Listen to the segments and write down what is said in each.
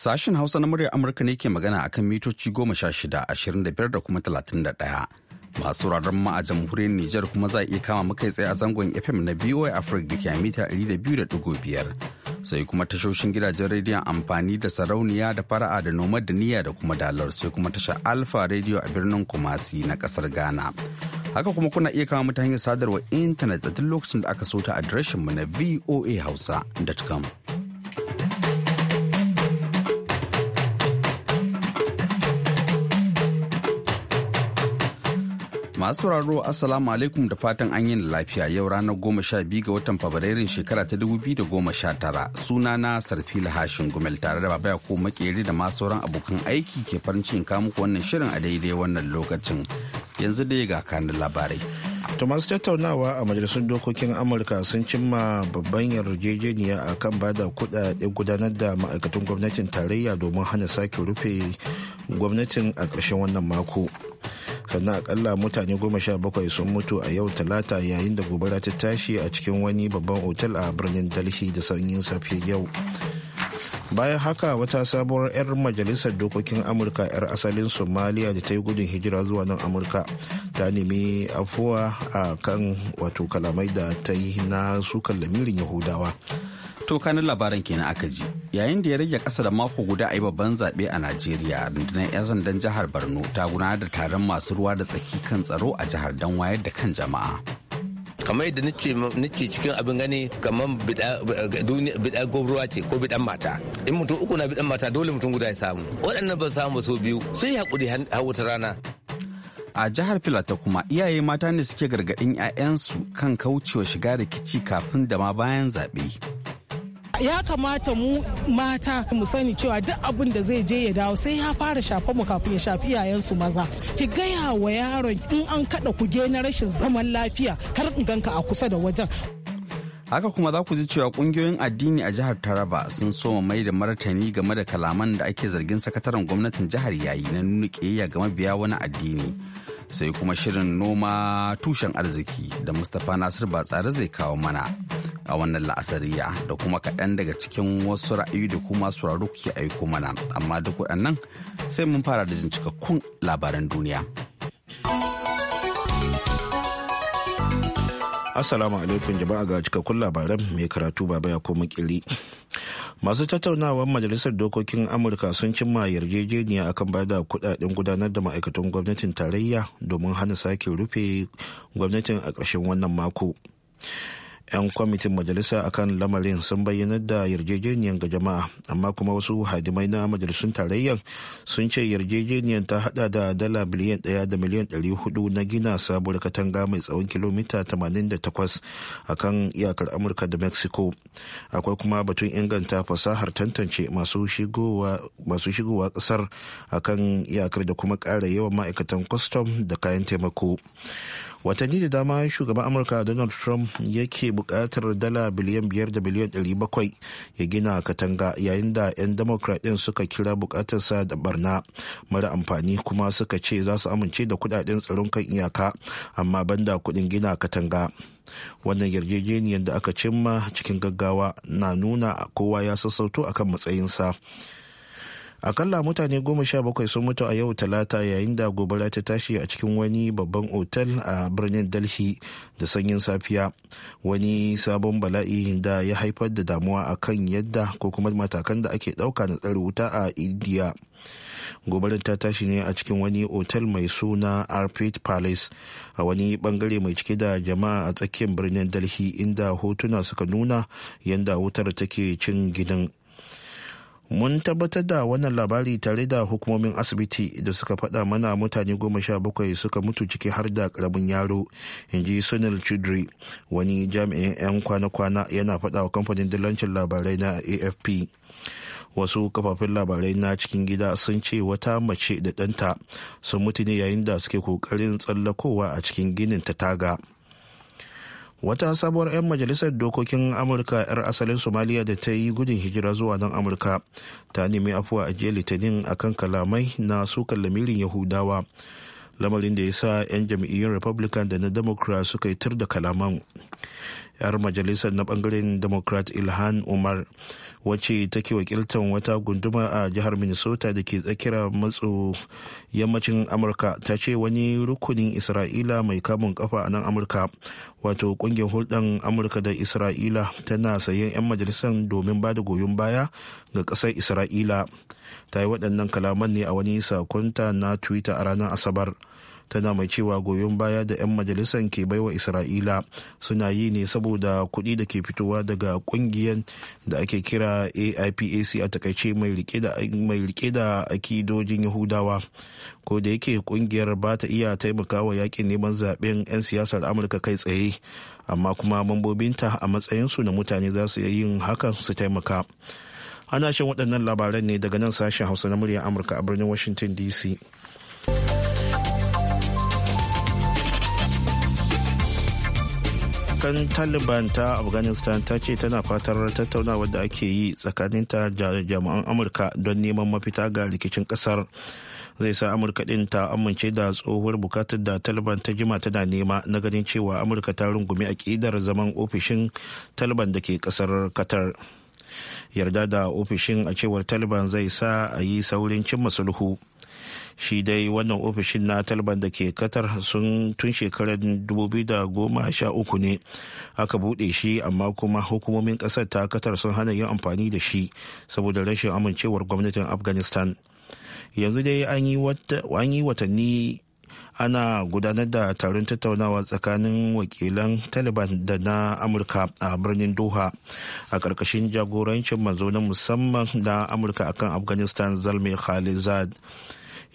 Sashen Hausa na muryar Amurka ne ke magana akan mitoci goma sha shida, ashirin da biyar da kuma talatin da ɗaya. Masu wuraren ma a jamhuriyar Nijar kuma za a iya kama muka tsaye a zangon FM na BOA Africa da ke a mita ɗari da biyu da ɗigo biyar. Sai kuma tashoshin gidajen rediyon amfani da sarauniya da fara'a da noma da niyya da kuma dalar sai kuma tashar Alfa rediyo a birnin Kumasi na kasar Ghana. Haka kuma kuna iya kama mutane sadarwar intanet a duk lokacin da aka so ta adireshinmu na voa voahausa.com. Masu sauraro Assalamu alaikum da fatan an yi lafiya yau ranar goma sha biyu ga watan Fabrairun shekara ta dubu biyu da goma sha tara suna na sarfila Hashin Gumel tare da Baba ko Makeri da masu sauran abokan aiki ke farin cikin kamu wannan shirin a daidai wannan lokacin. Yanzu dai ga kanin labarai. To masu tattaunawa a majalisun dokokin Amurka sun cimma babban yarjejeniya a kan bada kuɗaɗe gudanar da ma'aikatan gwamnatin tarayya domin hana sake rufe gwamnatin a ƙarshen wannan mako. sannan akalla mutane goma sha bakwai sun mutu a yau talata yayin da gobara ta tashi a cikin wani babban otal a birnin dalhi da sanyin safe yau bayan haka wata sabuwar 'yar majalisar dokokin amurka 'yar asalin somaliya da ta yi gudun hijira zuwa nan amurka ta nemi afuwa a kan wato kalamai da ta yi na sukan lamirin yahudawa To kanin labaran kenan aka ji. Yayin da ya rage kasa da mako guda a yi babban zaɓe a Najeriya, rundunar 'yan sandan jihar Borno ta gudanar da taron masu ruwa da tsaki kan tsaro a jihar don wayar da kan jama'a. kamar yadda nace cikin abin gani kamar bida gwamnati ce ko bidan mata in mutum uku na bidan mata dole mutum guda ya samu waɗannan ba samu ba so biyu sun yi haƙuri wata rana a jihar filata kuma iyaye mata ne suke gargaɗin 'ya'yansu kan kaucewa shiga rikici kafin da ma bayan zaɓe. ya kamata mu mata mu sani cewa duk abin da zai je ya dawo sai ya fara shafa mu kafin ya shafi iyayensu maza ki gaya wa yaron in an kada kuge na rashin zaman lafiya kar in ganka a kusa da wajen haka kuma za ku ji cewa kungiyoyin addini a jihar taraba sun soma mai da martani game da kalaman da ake zargin sakataren gwamnatin jihar yayi na nuna kiyayya ga mabiya wani addini sai kuma shirin noma tushen arziki da mustapha nasir batsare zai kawo mana a wannan la'asariya da kuma kaɗan daga cikin wasu ra'ayi da kuma sauraro kuke aiko mana amma duk waɗannan sai mun fara da jin cikakkun labaran duniya assalamu alaikum jama'a ga cikakkun labaran mai karatu baba ya ko makili masu tattaunawar majalisar dokokin amurka sun cimma yarjejeniya akan bada kudaden gudanar da ma'aikatan gwamnatin tarayya domin hana sake rufe gwamnatin a ƙarshen wannan mako 'yan kwamitin majalisa akan lamarin sun bayyanar da yarjejeniyar ga jama'a amma kuma wasu hadimai na majalisun tarayyar sun ce yarjejeniyar ta hada da dala biliyan daya da miliyan hudu na gina sabuwar katanga mai tsawon kilomita 88 akan iyakar amurka da mexico akwai kuma batun inganta fasahar tantance masu shigowa kasar akan iyakar da kuma kara yawan ma'aikatan kwastam da kayan taimako watanni da dama shugaban amurka donald trump yake bukatar dala biliyan biyar da biliyan ɗari bakwai ya gina katanga yayin da 'yan democrat ɗin suka kira bukatarsa da barna mara amfani kuma suka ce za su amince da kudaden tsaron kan iyaka amma banda kuɗin gina katanga wannan yarjejeniyar da aka cimma cikin gaggawa na nuna kowa ya sassauto akan matsayinsa. akalla mutane goma sha bakwai sun mutu a yau talata yayin da gobara ta tashi a cikin wani babban otal a birnin delhi da sanyin safiya wani sabon bala'i da ya haifar da damuwa a kan yadda ko kuma matakan da ake ɗauka na tsare wuta a india gobarar ta tashi ne a cikin wani otal mai suna arpit palace a wani bangare mai cike da jama'a a tsakiyar birnin delhi inda hotuna suka nuna yadda wutar take cin gidan mun tabbatar da wannan labari tare da hukumomin asibiti da suka faɗa mana mutane goma sha bakwai suka mutu ciki har da karamin yaro in ji sunil chudri wani jami'in 'yan kwana-kwana yana faɗa wa kamfanin dillancin labarai na afp wasu kafafen labarai na cikin gida sun ce wata mace da ɗanta sun mutu ne yayin da suke ƙoƙarin tsallakowa a cikin ginin ta taga. wata sabuwar 'yan majalisar dokokin amurka 'yar asalin somaliya da ta yi gudun hijira zuwa nan amurka ta nemi afuwa a jiya litinin akan kalamai na sukan lamirin yahudawa lamarin da ya sa 'yan jam'iyyun republican da na democrat suka yi tur da kalaman 'yar majalisar na bangaren democrat ilhan umar wacce take wakiltar wata gunduma a jihar minnesota da ke tsakira matso yammacin amurka ta ce wani rukunin isra'ila mai kamun kafa a nan amurka wato kungiyar hulɗan amurka da isra'ila tana sayen 'yan majalisar domin ba da goyon baya ga ƙasar isra'ila ta yi waɗannan kalaman ne a wani sakonta na twitter a ranar asabar tana mai cewa goyon baya da 'yan majalisar ke baiwa isra'ila suna yi ne saboda kuɗi da ke fitowa daga ƙungiyar da ake kira aipac a takaice mai rike da akidojin yahudawa ko da yake ƙungiyar ba ta iya taimakawa yakin neman zaben 'yan siyasar amurka kai tsaye amma kuma mambobinta a matsayinsu na mutane za su yin hakan su taimaka ana shan waɗannan labaran ne daga nan sashen hausa na muryar amurka a birnin washington dc matakan taliban ta afghanistan ta ce tana fatar tattaunawa da ake yi tsakaninta da jami'an amurka don neman mafita ga rikicin kasar zai sa amurka din ta amince da tsohuwar bukatar da taliban ta jima tana nema na ganin cewa amurka ta rungumi aƙidar zaman ofishin taliban da ke kasar qatar yarda da ofishin a cewar taliban zai sa a yi saurin cimma sulhu shi dai wannan ofishin na talban da ke katar sun tun shekarar 2013 ne aka buɗe shi amma kuma hukumomin ƙasar ta katar sun hana yin amfani da shi saboda rashin amincewar gwamnatin afghanistan yanzu dai an yi watanni ana gudanar da taron tattaunawa tsakanin wakilan taliban da na amurka a birnin doha a ƙarƙashin jagorancin manzo musamman na amurka akan afghanistan zalmi khalizad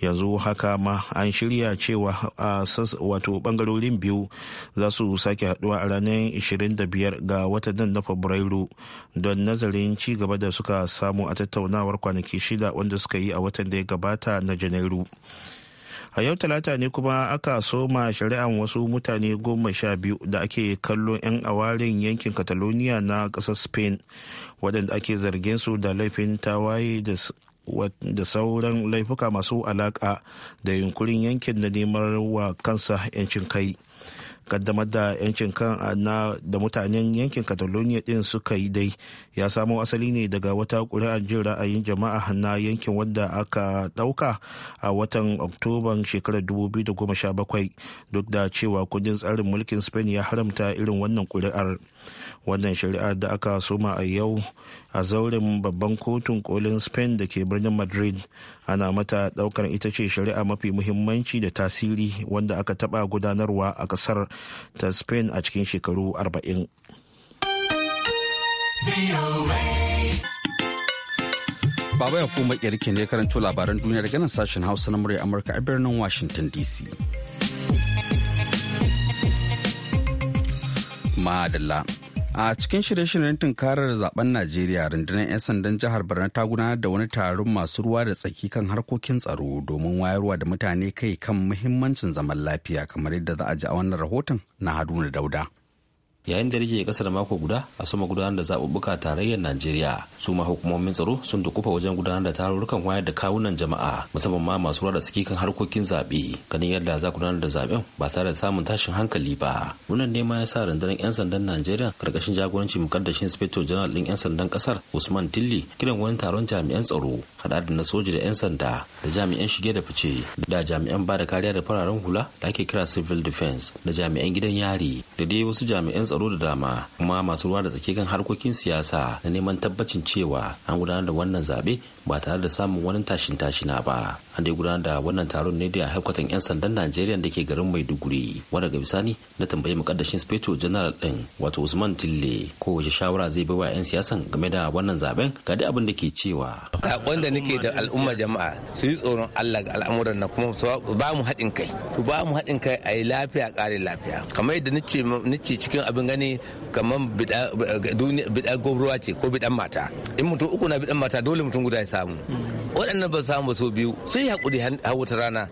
yanzu haka ma an shirya cewa a wato bangarorin biyu za su sake haduwa a ranar 25 ga watan na fabrairu don nazarin ci gaba da suka samu a tattaunawar kwanaki shida wanda suka yi a watan da ya gabata na janairu a yau talata ne kuma aka soma shari'an wasu mutane goma sha biyu da ake kallon 'yan awarin yankin catalonia na ƙasar spain waɗanda ake zargin su da laifin tawaye da da sauran laifuka masu alaka da yunkurin yankin da neman wa kansa 'yancin kai. kaddamar da yancin kan ah, na da mutanen yankin catalonia din suka yi dai ya samo asali ne daga wata kuri'ar jin ra'ayin jama'a na yankin wanda aka ɗauka a watan oktoban shekarar 2017 duk da cewa kudin tsarin mulkin spain ya haramta irin wannan kuri'ar wannan shari'a da aka soma a yau a zauren babban kotun kolin spain da ke birnin madrid ana mata daukar ita ce shari'a mafi muhimmanci da tasiri wanda aka taba gudanarwa a kasar ta spain a cikin shekaru 40 Baba ya kuma kirki ne karanto labaran duniya daga nan sashen Hausa na murya Amurka a birnin Washington DC. Madalla. a cikin shirye-shiryen tunkarar zaben najeriya rundunar 'yan sandan jihar borno ta gudanar da wani taron masu ruwa da tsaki kan harkokin tsaro domin wayarwa da mutane kai kan muhimmancin zaman lafiya kamar yadda za a ji a wannan rahoton na haruna dauda yayin da rike kasar mako guda a sama gudanar da zaɓuɓɓuka tarayyar najeriya su ma hukumomin tsaro sun dukufa wajen gudanar da tarurrukan wayar da kawunan jama'a musamman ma masu rada suke kan harkokin zaɓe ganin yadda za gudanar da zaɓen ba tare da samun tashin hankali ba wannan ne ma ya sa rundunar 'yan sandan najeriya karkashin jagoranci mukaddashin inspector general din 'yan sandan ƙasar usman tilli kiran wani taron jami'an tsaro haɗa da na soja da 'yan sanda da jami'an shige da fice da jami'an ba da kariya da fararen hula da ake kira civil defense da jami'an gidan yari da dai wasu jami'an tsaro da dama kuma masu ruwa da tsaki kan harkokin siyasa na neman tabbacin cewa an gudanar da wannan zaɓe ba tare da samun wani tashin tashina ba an dai gudanar da wannan taron ne da a haikwatan 'yan sandan najeriya da ke garin maiduguri wanda ga bisani na tambayi mukaddashin speto general din wato usman tille kowace shawara zai bai wa 'yan siyasan game da wannan zaben ga dai abin da ke cewa sakon da nake da al'umma jama'a su yi tsoron allah ga al'amuran na kuma ba mu haɗin kai to ba mu haɗin kai a yi lafiya ƙarin lafiya kamar yadda nace cikin abin gani kamar bida gwabruwa ce ko bidan mata in mutum uku na bidan mata dole mutum guda ya samu waɗannan ba samu so biyu sun yi haƙuri hawa ta rana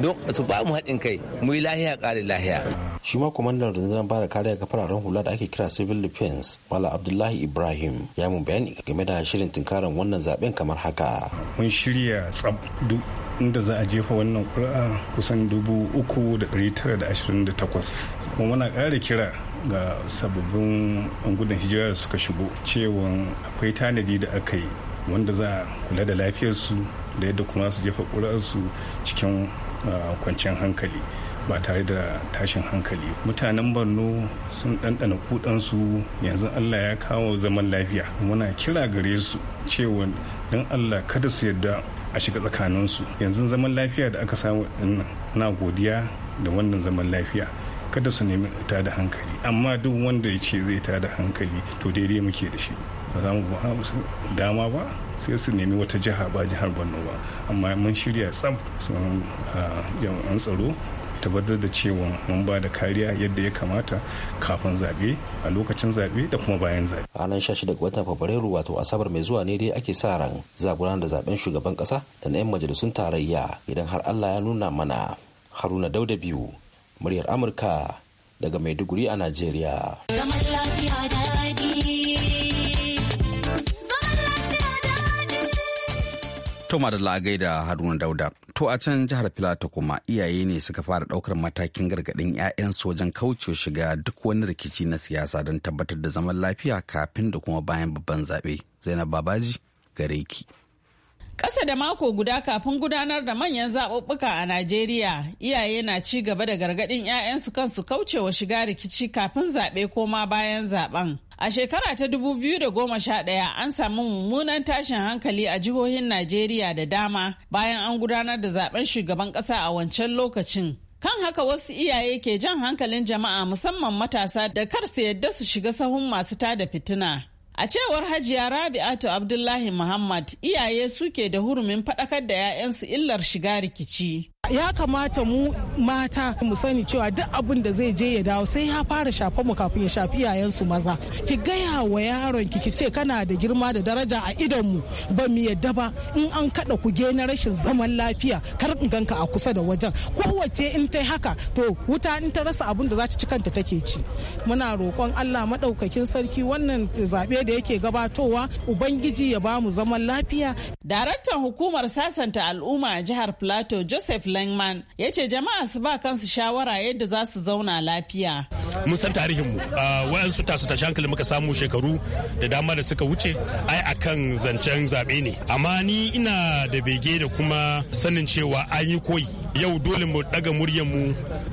don su ba mu haɗin kai mu yi lahiya ƙari lahiya shi ma kwamandan rundunar bada kariya ga fararen hula da ake kira civil defense wala abdullahi ibrahim ya mu bayani game da shirin tunkarar wannan zaben kamar haka mun shirya tsab duk inda za a jefa wannan kura'a kusan dubu uku da ɗari tara da ashirin da takwas kuma muna ƙara kira ga sababbin gudun hijira da suka shigo cewa akwai tanadi da aka yi wanda za a kula da lafiyarsu da yadda kuma su jefa ƙuri'arsu cikin ah, kwanciyar hankali ba tare da tashin hankali mutanen borno sun ɗanɗana kudansu yanzu allah ya kawo zaman lafiya muna kira gare su cewa don allah kada su yadda a shiga tsakaninsu yanzu zaman lafiya da aka samu na godiya da wannan zaman lafiya kada su nemi ta da hankali amma duk wanda ya ce zai ta da hankali to daidai muke da shi ba za mu ba dama ba sai su nemi wata jiha ba jihar borno ba amma mun shirya tsab sun an tsaro tabbatar da cewa mun ba da kariya yadda ya kamata kafin zaɓe a lokacin zaɓe da kuma bayan zabe ranar 16 ga watan fabrairu wato asabar mai zuwa ne dai ake sa ran za da zaben shugaban kasa da na 'yan majalisun tarayya idan har allah ya nuna mana haruna dauda biyu muryar amurka daga maiduguri a najeriya. To da a gaida Haruna Dauda. To a can jihar Filato kuma iyaye ne suka fara daukar matakin gargadin 'ya'yansu wajen kaucewa shiga duk wani rikici na siyasa don tabbatar da zaman lafiya kafin da kuma bayan babban zaɓe. Zainab Babaji gare ki. Ƙasa da mako guda kafin gudanar da manyan zaɓuɓɓuka a Najeriya, iyaye na ci gaba da gargaɗin 'ya'yansu kansu kaucewa shiga rikici kafin zaɓe ko ma bayan zaɓen. A shekara ta 2011 an samu mummunan tashin hankali a jihohin Najeriya da dama bayan an gudanar da zaben shugaban ƙasa a wancan lokacin. Kan haka wasu iyaye ke jan hankalin jama'a musamman matasa da kar su yadda su shiga sahun masu tada fitina. A cewar Hajiya Rabi'atu Abdullahi Muhammad, iyaye suke da hurumin faɗakar da 'ya'yansu illar shiga rikici. ya kamata mu mata mu sani cewa duk abin da zai je ya dawo sai ya fara shafa mu kafin ya shafi iyayensu maza ki gaya wa yaron ki ki ce kana da girma da daraja a idon mu ba mu yadda ba in an kada kuge na rashin zaman lafiya kar in ganka a kusa da wajen kowace in ta haka to wuta in ta rasa abin da za ta ci kanta take ci muna roƙon Allah madaukakin sarki wannan zabe da yake gabatowa ubangiji ya ba mu zaman lafiya daraktan hukumar sasanta al'umma a jihar Plateau Joseph Suleiman ya ce jama'a su ba kansu shawara yadda za su zauna lafiya. Mun san tarihinmu ah, waɗansu tasu tashi hankali muka samu shekaru da dama da suka wuce ai akan zancen zaɓe ne. Amma ni ina da bege da kuma sanin cewa an yi koyi yau dole mu daga muryanmu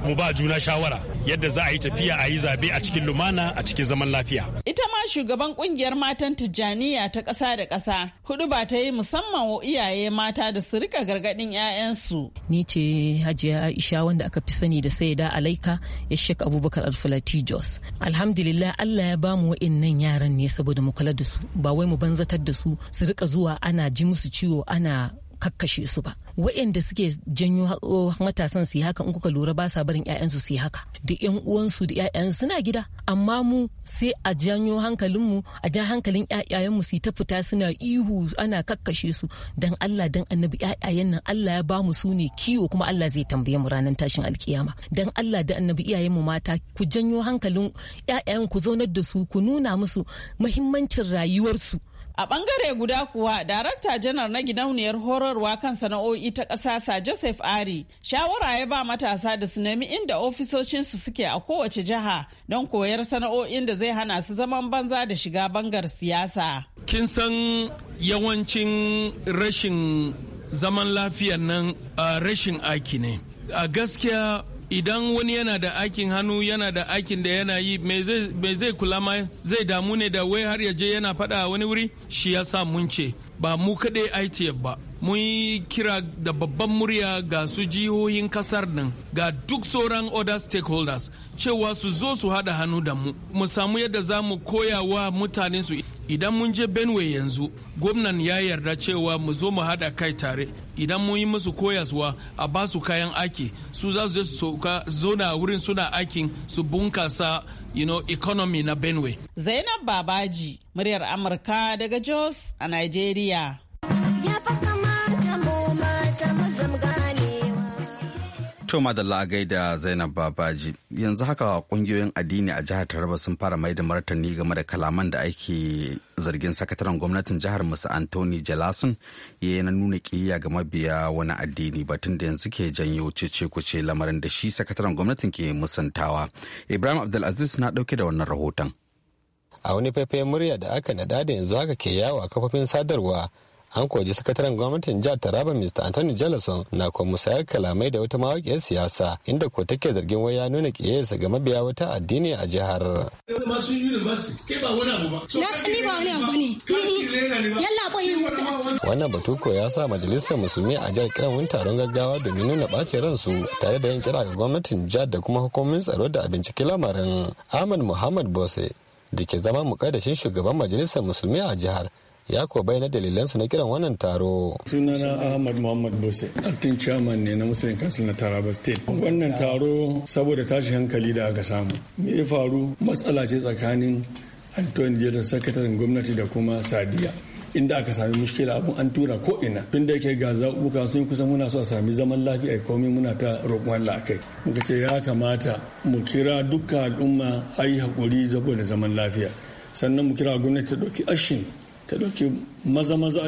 mu ba juna shawara yadda za a yi tafiya a yi zaɓe a cikin lumana a cikin zaman lafiya. Ita shugaban kungiyar matan Tijjaniya ta ƙasa da ƙasa hudu ba ta yi musamman wa iyaye mata da su rika gargaɗin 'ya'yansu. Ni ce Hajiya Aisha wanda aka fi sani da sai Saida Alaika ya shek Abubakar Alfulati Jos. Alhamdulillah Allah ya bamu wa'innan yaran ne saboda mu kula da su ba wai mu banzatar da su su rika zuwa ana ji musu ciwo ana kakkashe su ba waɗanda suke janyo matasan su yi haka in kuka lura ba sa barin 'ya'yansu su yi haka da 'yan uwansu da 'ya'yan suna gida amma mu sai a janyo hankalinmu a jan hankalin ƴaƴayenmu su ta fita suna ihu ana kakkashe su dan Allah dan annabi 'ya'yan nan Allah ya ba mu su ne kiwo kuma Allah zai tambaye mu ranar tashin alkiyama dan Allah da annabi iyayenmu mata ku janyo hankalin 'ya'yan ku zaunar da su ku nuna musu muhimmancin rayuwarsu A bangare guda kuwa, Darakta Janar na gidauniyar horarwa kan sana'o'i ta ƙasa sa Joseph Ari, shawara ya ba matasa da su nemi inda ofisoshinsu suke a kowace jiha don koyar sana'o'in da zai hana su zaman banza da shiga bangar siyasa. Kin san yawancin rashin zaman lafiyan nan rashin aiki ne. A gaskiya idan wani yana da aikin hannu yana da aikin da yana yi me zai kula ma zai damu ne da wai har ya je yana fada a wani wuri shi ya sa mun ce ba mu kaɗe ITF ba mun yi kira da babban murya ga su jihohin kasar nan ga duk sauran other stakeholders cewa su zo su haɗa hannu da mu mu samu yadda za mu koya wa mutanen su idan mun je benue yanzu gwamnan ya yarda cewa mu zo mu hada kai tare idan mun yi musu koyaswa a ba su kayan aiki su za su je su zauna wurin suna aikin su bunkasa you know, economy na benue zainab babaji muryar amurka daga jos a nigeria yeah, To da a gaida Zainab Babaji yanzu haka kungiyoyin addini a jihar Taraba sun fara mai da martani game da kalaman da ake zargin sakataren gwamnatin jihar Musa Anthony Jalasun ya yi na nuna kiyaya ga mabiya wani addini batun da yanzu ke janyo cece kuce lamarin da shi sakataren gwamnatin ke musantawa. Ibrahim Abdulaziz na dauke da wannan rahoton. A wani faifai murya da aka nada da yanzu haka ke yawo a kafofin sadarwa an koji sakataren gwamnatin jihar taraba mr anthony jellison na kuma musayar kalamai da wata mawaƙiyar siyasa inda ko take zargin wai ya nuna ƙiyayyarsa ga mabiya wata addini a jihar wannan batu ko ya sa majalisar musulmi a jihar kiran taron gaggawa domin nuna ɓacin ransu tare da yin kira ga gwamnatin jihar da kuma hukumomin tsaro da abinciki binciki lamarin ahmad muhammad bose da ke zama mukaddashin shugaban majalisar musulmi a jihar ya kuwa bayyana dalilansu na kiran wannan taro. sunana ahmad muhammad bose acting chairman ne na muslim council na taraba state wannan taro saboda tashi hankali da aka samu me ya faru matsala ce tsakanin antoine jeda sakataren gwamnati da kuma sadiya inda aka sami mushkila abun an tura ko ina tun da yake ga zaɓuɓɓuka sun kusa muna so a sami zaman lafiya komai muna ta roƙon Allah kai muka ce ya kamata mu kira dukkan al'umma ayi hakuri saboda zaman lafiya sannan mu kira gwamnati ta ɗauki ashin ta ɗauki maza-maza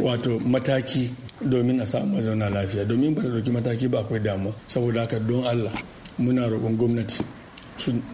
wato mataki domin a samu zauna lafiya domin ba ta ɗauki mataki ba akwai damu saboda haka don allah muna roƙon gwamnati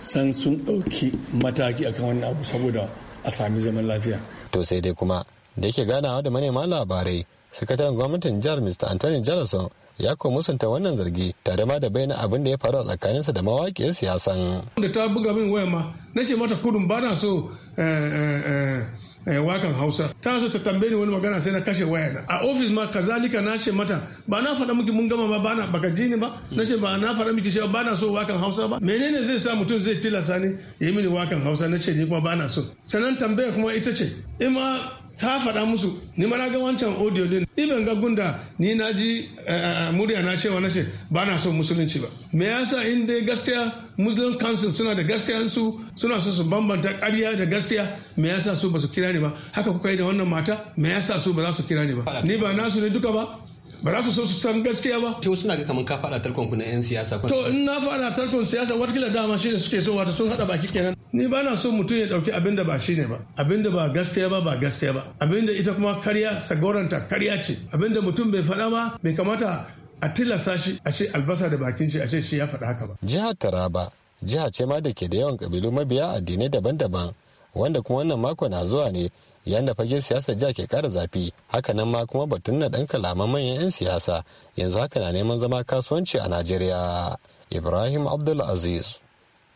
san sun ɗauki mataki akan wannan abu saboda a sami zaman lafiya to sai dai kuma da yake ganawa da manema labarai sakataren gwamnatin jihar mr anthony johnson ya kuma musanta wannan zargi tare ma da bayyana abin da ya faru a tsakaninsa da mawaƙiyar siyasan. da ta buga min waya ma na ce mata kudin ba na so eh, eh, eh, Eh, wakan hausa ta so ta tambaye ni wani magana sai na kashe wayana a ofis ma kazalika na ce mata ba na faɗa miki mun gama ba bana baka ji ni ba na ce ba na faɗa miki cewa bana so wakan hausa ba menene zai sa mutum zai tilasa ni ya yi mini wakan hausa na ce ni kuma bana so sannan tambaya kuma ita ce ima ta faɗa musu ni mana ga wancan audio din ni ban ga gunda ni na ji eh, eh, eh, murya na cewa na ce ba na son musulunci ba me yasa in dai gaskiya muslim council suna da gaskiya su suna so su bambanta ƙarya da gaskiya me yasa su ba su kira ni ba haka kuka yi da wannan mata me yasa su ba za su kira ni ba ni ba nasu ne duka ba ba za su so su san gaskiya ba. To suna ga kamar ka faɗa tarkon ku na 'yan siyasa. To in na faɗa tarkon siyasa watakila dama shi ne suke so wata sun haɗa baki kenan. Ni ba na so mutum ya ɗauki abin da ba shi ne ba, abin da ba gaskiya ba ba gaskiya ba, abin da ita kuma karya sagoranta karya ce, abin da mutum bai faɗa ba bai kamata a tilasta shi a ce albasa da bakin shi a ce shi ya faɗa haka ba. Jihar Taraba jiha ce ma da ke da yawan kabilu mabiya addinai daban-daban wanda kuma wannan mako na zuwa ne da fagen siyasar jiha ke kara zafi nan ma kuma batun na dan kalaman manyan 'yan siyasa yanzu haka na neman zama kasuwanci a najeriya ibrahim abdulaziz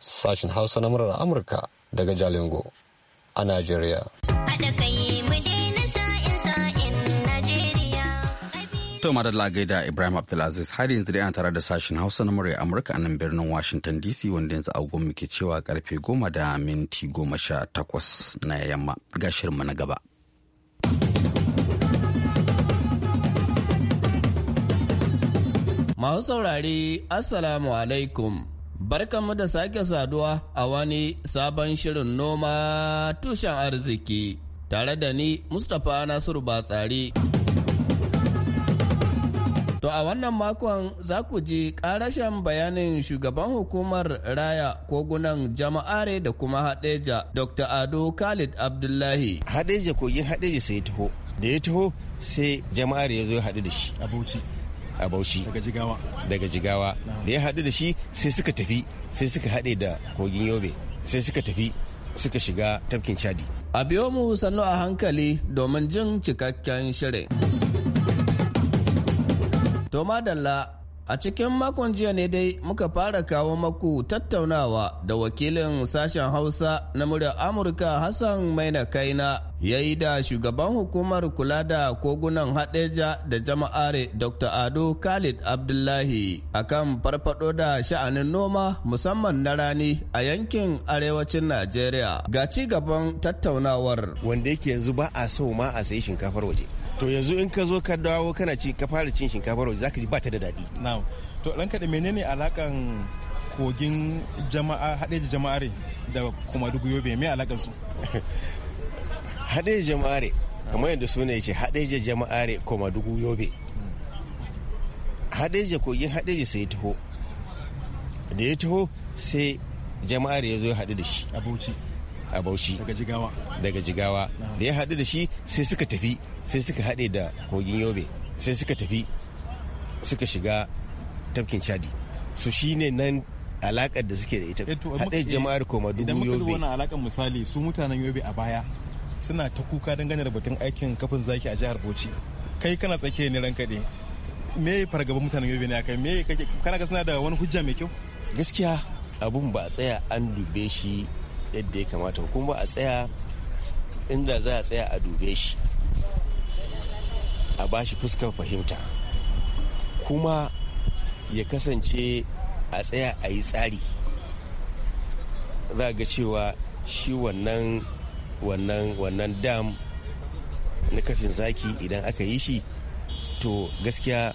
sashen hausa na murar amurka daga jalingo a najeriya To Madalla gaida Ibrahim Abdulaziz har yanzu da ana tare da sashen Hausa na murya Amurka a nan birnin Washington DC wanda yanzu mu muke cewa karfe goma da minti goma sha takwas na yamma ga na gaba. Masu saurare Assalamu alaikum barkanmu da sake saduwa a wani sabon shirin noma tushen arziki tare da ni Mustapha Nasiru Batsari. To a wannan makon za ku ji karashen bayanin shugaban hukumar raya kogunan jama'are da kuma hadeja Dr. Ado Khalid Abdullahi. Hadeja kogin hadeja sai ya taho. Da ya taho sai jama'are ya zo ya haɗu da shi. A Bauchi. A Bauchi. Daga Jigawa. Daga Jigawa. Da ya haɗu da shi sai suka tafi sai suka haɗe da kogin Yobe. Sai suka tafi suka shiga tafkin Chadi. A biyo mu sannu a hankali domin jin cikakken shirin. To madalla a cikin makon jiya ne dai muka fara kawo maku tattaunawa da wakilin sashen Hausa na muryar Amurka Hassan Maina Kaina ya yi da shugaban hukumar kula da kogunan hadeja da jama'are dr ado khalid abdullahi a kan farfado da sha'anin noma musamman na rani a yankin arewacin najeriya ga ci gaban tattaunawar wanda yake yanzu ba a so ma a sayi shinkafar waje to yanzu in ka zo ka dawo kana ci ka fara cin shinkafar waje zaka ji ba ta da daɗi na'am to dan kada menene alakan kogin jama'a haɗe da jama'are da kuma duk yobe me alakan su haɗe da jama'are kamar yadda su ne yace haɗe da jama'are kuma duk yobe haɗe da kogin haɗe da sai taho da ya taho sai jama'are ya zo ya haɗu da shi abuci a Bauchi daga Jigawa daga Jigawa da ya haɗu da shi sai suka tafi sai suka haɗe da kogin Yobe sai suka tafi suka shiga tafkin Chadi so shine nan alakar da suke da ita eh, haɗe jama'ar koma dubu Yobe idan muka wannan alakar misali su mutanen Yobe a baya suna ta kuka dangane da batun aikin kafin zaki a jihar Bauchi kai kana tsakiya ne ranka ne me fargaba mutanen yobe ne akai me kana ga suna da wani hujja mai kyau gaskiya abun ba a tsaya an dube shi yadda ya kamata kuma a tsaya inda za a tsaya a dube shi a ba shi fuskar fahimta kuma ya kasance a tsaya a yi tsari za ga cewa shi wannan wannan wannan dam na kafin zaki idan aka yi shi to gaskiya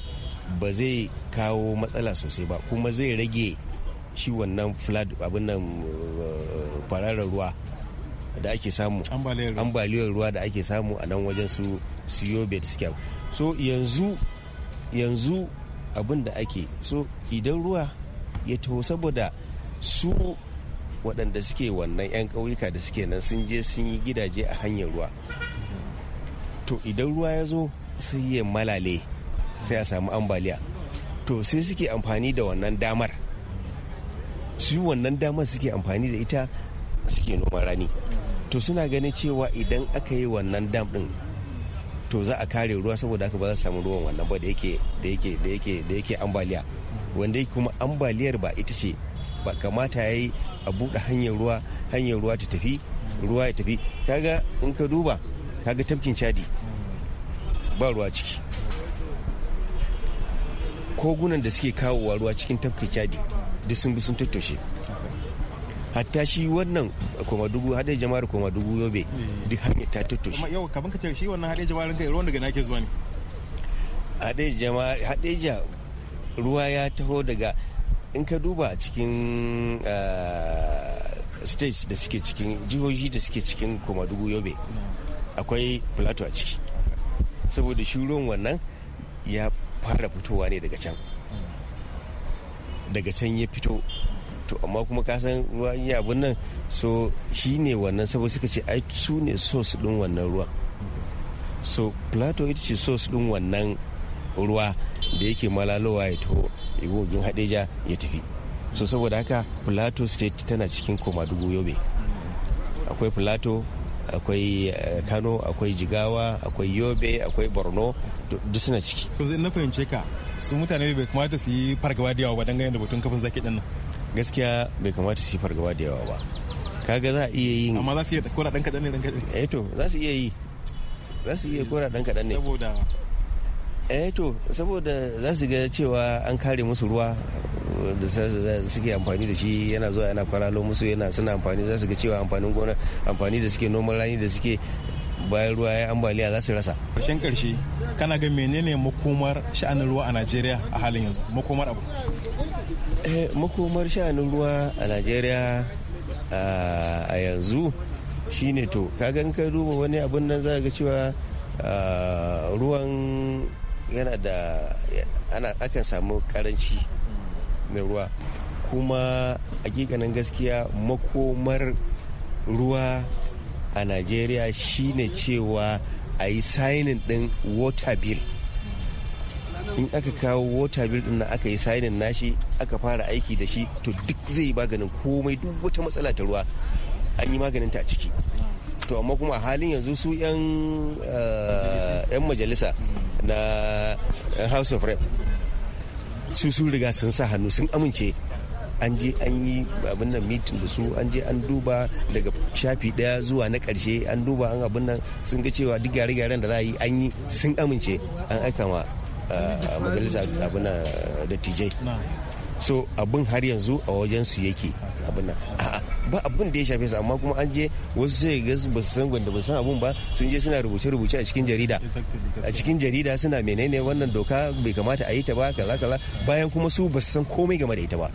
ba zai kawo matsala sosai ba kuma zai rage shi wannan flood abin nan kwararar ruwa da ake samu ambaliyar ruwa da ake samu a nan wajen su siyo bed scam so yanzu yanzu abin da ake so idan ruwa ya taho saboda su waɗanda suke wannan 'yan ƙauyuka da suke nan sun je sun yi gidaje a hanyar ruwa to idan ruwa ya zo sai ya malale sai a samu ambaliya to sai suke amfani da wannan damar su wannan damar suke amfani da ita suke noman rani to suna ganin cewa idan aka yi wannan dam din to za a kare ruwa saboda haka ba za su samu ruwan wannan ba da yake da yake da yake da yake ambaliya wanda kuma ambaliyar ba ita ce ba kamata yayi a buɗe hanyar ruwa hanyar ruwa ta tafi ruwa ya tafi kaga in ka duba kaga tafkin chadi ba ruwa ciki kogunan da suke kawowa ruwa cikin tafkin chadi duk sun bi sun tattoshe hatta shi wannan koma dubu haɗe jama'ar koma dubu yobe hmm. duk hanyar ta tutto shi yau kaban ka ce shi wannan haɗe jama'ar kai ruwan daga nake zuwa ne haɗe jama'ar haɗe ja ruwa ya taho daga in ka duba cikin ah, states da suke cikin jihohi da suke cikin koma dubu yobe hmm. akwai plateau a ciki saboda shi ruwan wannan ya fara fitowa ne daga can hmm. daga can ya fito to amma kuma ka san ruwa yi abin nan so shi ne wannan saboda suka ce ai su ne sos din wannan ruwa so plato ita ce sos din wannan ruwa da yake malalowa ya taho igogin hadeja ya tafi so saboda haka plato state tana cikin komadugu yobe akwai plato akwai eh, kano akwai jigawa akwai yobe akwai borno duk suna ciki so na fahimce ka su mutane bai kamata su yi fargaba da yawa ba dangane da batun kafin zaki dinnan gaskiya bai kamata su yi fargaba da yawa ba kaga za a iya yin amma za su iya kora dan kadan ne dan kadan eh to za su iya yi za su iya kora dan kadan ne saboda eh to saboda za su ga cewa an kare musu ruwa da suke amfani da shi yana zuwa yana kwaralo musu yana suna amfani za su ga cewa amfanin gona amfani da suke noman rani da suke bayan ruwa ya ambaliya za su rasa. ƙarshen karshe kana ga menene makomar sha'anin ruwa a Najeriya a halin yanzu makomar abu. Eh, makomar sha'anin ruwa a najeriya a yanzu shine to kagan ka duba wani abin nan za ga cewa ruwan yana da ana akan samu karanci na ruwa kuma hakikanin gaskiya makomar ruwa a najeriya shine cewa a yi sainin din water bill in aka kawo water bill din nan aka yi sainin nashi aka fara aiki da shi to duk zai maganin komai duk wata matsala ta ruwa an yi maganin ta a ciki to amma kuma halin yanzu su yan eh, yan majalisa na house of rep su sun riga sun sa hannu sun amince an je an yi abin nan meeting da su an je an duba daga shafi daya zuwa na karshe an duba an abin nan sun ga cewa duk gyare-gyaren da za a yi an yi sun amince an aika ma a majalisa abin dattijai so abin har yanzu a wajen su yake abin ba abin da ya shafe su amma kuma an je wasu sai ga ba su san gwanda ba san abin ba sun je suna rubuce rubuce a cikin jarida a cikin jarida suna menene wannan doka bai kamata a yi ta ba kaza kaza bayan kuma su ba su san komai game da ita ba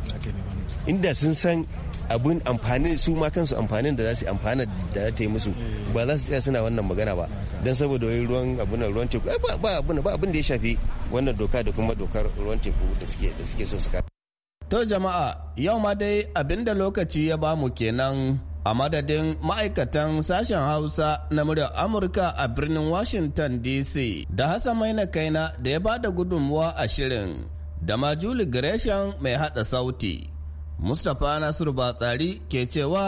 inda sun san abin amfani su ma kansu amfanin da za su amfana da za ta yi musu ba za su tsaya suna wannan magana ba don saboda ruwan abin ruwan teku ba abin da ya shafi wannan doka da kuma dokar ruwan teku da suke da suke so su To jama'a yau ma dai abinda lokaci ya bamu kenan a madadin ma'aikatan sashen Hausa na muryar Amurka a birnin Washington DC da Hassan Maina Kaina da ya bada gudunmuwa a shirin da ma Julie Gresham mai hada sauti. Mustapha Nasiru Batsari ke cewa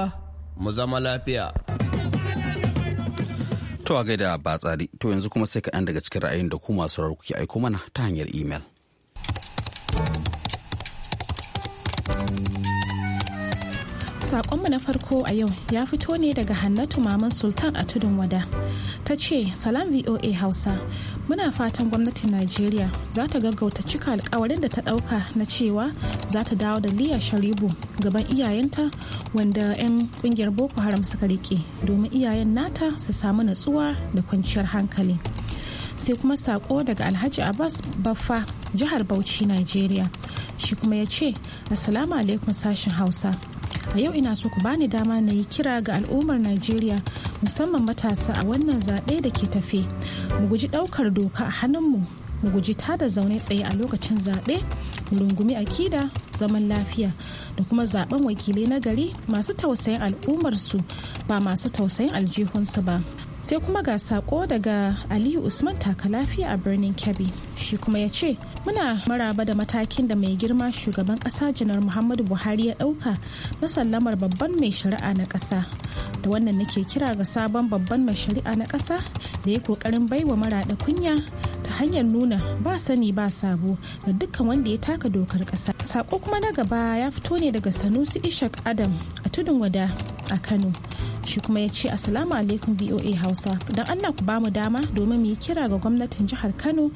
mu zama lafiya. To a gaida ba tsari, to yanzu kuma sai ka ɗan daga cikin ra'ayin da ku masu raro kuke aiko mana ta hanyar imel. Sakonmu na farko a yau ya fito ne daga Hannatu Maman Sultan a tudun wada. Ta ce, Salam VOA Hausa, muna fatan gwamnatin Najeriya za ta gaggauta cika alkawarin da ta ɗauka na cewa za ta dawo da Liya Sharibu gaban iyayenta wanda 'yan ƙungiyar Boko Haram suka rike domin iyayen nata su samu natsuwa da kwanciyar hankali. Sai kuma sako daga Alhaji Abbas Baffa, jihar Bauchi, Najeriya. Shi kuma ya ce, Assalamu alaikum sashen Hausa. a yau ina so ku bani dama na yi kira ga al'ummar najeriya musamman matasa a wannan zaɓe da ke tafe mu guji ɗaukar doka a hannunmu mu guji tada zaune tsaye a lokacin zaɓe mu rungumi akida zaman lafiya da kuma zaɓen wakilai na gari masu tausayin al'ummarsu ba masu tausayin aljihunsu ba sai kuma ga sako daga aliyu usman takalafi a birnin kebbi shi kuma ya ce muna maraba da matakin da mai girma shugaban kasa janar muhammadu buhari ya dauka na sallamar babban mai shari'a na kasa da wannan nake kira ga sabon babban mai shari'a na kasa da ya kokarin baiwa marada kunya ta hanyar nuna ba sani ba sabo ga dukkan wanda ya taka dokar kasa sako kuma na gaba ya fito ne daga sanusi ishak adam a tudun wada a kano shi kuma ya ce assalamu alaikum voa hausa don allah ku bamu dama domin mu yi kira ga gwamnatin jihar kano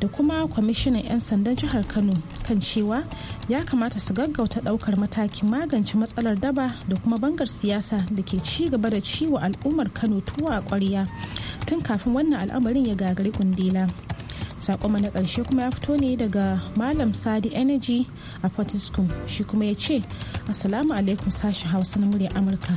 da kuma kwamishinan 'yan sandan jihar kano kan cewa ya kamata su gaggauta daukar matakin magance matsalar daba da kuma bangar siyasa da ke ci gaba da ciwo al'ummar kano tuwa a kwarya tun kafin wannan al'amarin ya gagari kundila sakoma na ƙarshe kuma ya fito ne daga malam sadi energy a fortiskum shi kuma ya ce assalamu alaikum sashen hausa na murya amurka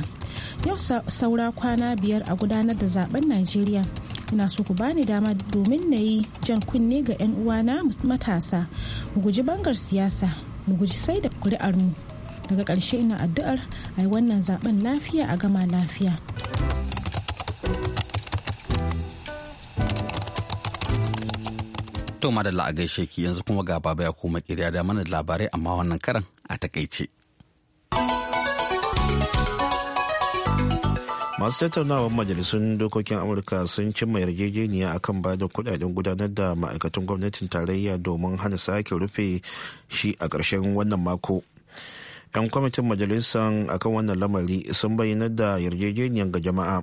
yau saura kwana biyar a gudanar da zaben nigeria ina so ku bani dama domin na yi jan kunne ga 'yan uwana matasa mu guji bangar siyasa mu guji sai da kuri'armu daga karshe ina addu'ar a yi wannan zaben lafiya a gama lafiya To madalla a gaishe ki yanzu kuma ga baba ya koma kirya da mana labarai amma wannan karan a takaice. masu tattaunawar majalisun dokokin amurka sun cimma yarjejeniya akan bada da kudaden gudanar da ma'aikatan gwamnatin tarayya domin hana sake rufe shi a ƙarshen wannan mako 'yan kwamitin majalisar akan wannan lamari sun bayyana da yarjejeniyar ga jama'a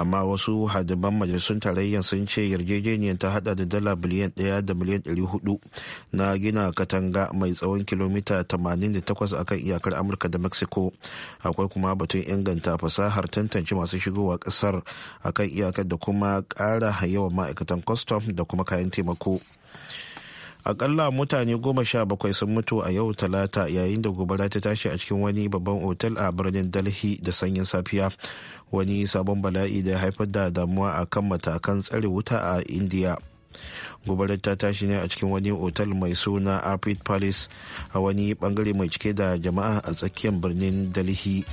amma wasu hadiban majalisun tarayyar sun ce yarjejeniyar ta hada da dala biliyan ɗaya da miliyan 400 na gina katanga mai tsawon kilomita 88 akan iyakar amurka da mexico akwai kuma batun inganta fasahar tantance masu shigowa ƙasar akan iyakar da kuma kara yawan ma'aikatan kwastam da kuma kayan taimako. akalla mutane goma sha bakwai sun mutu a yau talata yayin da gobara ta tashi a cikin wani babban otal a birnin dalhi da sanyin safiya wani sabon bala'i da haifar da damuwa a kan matakan tsare wuta a indiya gobarar ta tashi ne a cikin wani otal mai suna arpit palace a wani bangare mai cike da jama'a a tsakiyar birnin dalhi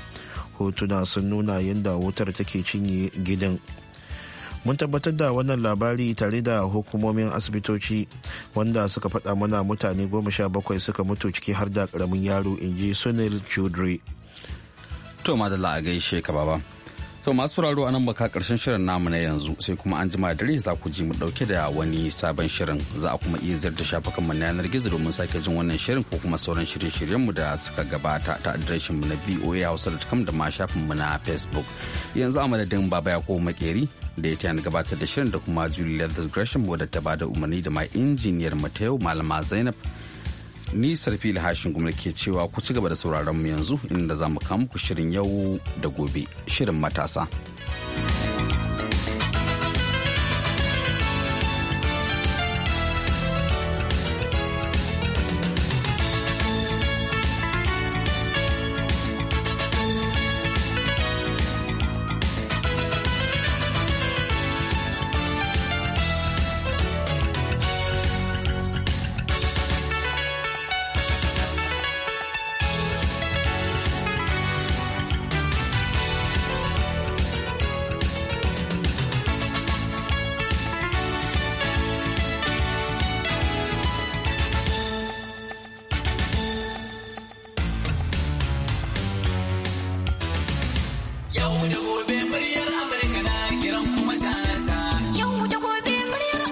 hotuna sun nuna yadda wutar take cinye gidan mun tabbatar da wannan labari tare da hukumomin asibitoci wanda suka faɗa mana mutane goma sha bakwai suka mutu ciki har da ƙaramin yaro in ji sunil chudri to madalla a gaishe ka baba To masu sauraro anan baka karshen shirin namu na yanzu sai kuma an jima dare za ku ji mu dauke da wani sabon shirin za a kuma iya ziyarta shafukan mu na yanar gizo domin sake jin wannan shirin ko kuma sauran shirye-shiryen mu da suka gabata ta adireshin mu na voahausa.com da ma shafin mu na Facebook. Yanzu a madadin baba ya ko makeri da ya tayar gabatar da shirin da kuma Julie Leathers Gresham wadda ta bada umarni da ma injiniyar mu ta yau malama Zainab ni sarfi hashin gwamna ke cewa ku ci gaba da sauraron mu yanzu inda za mu kawo muku shirin yau da gobe shirin matasa.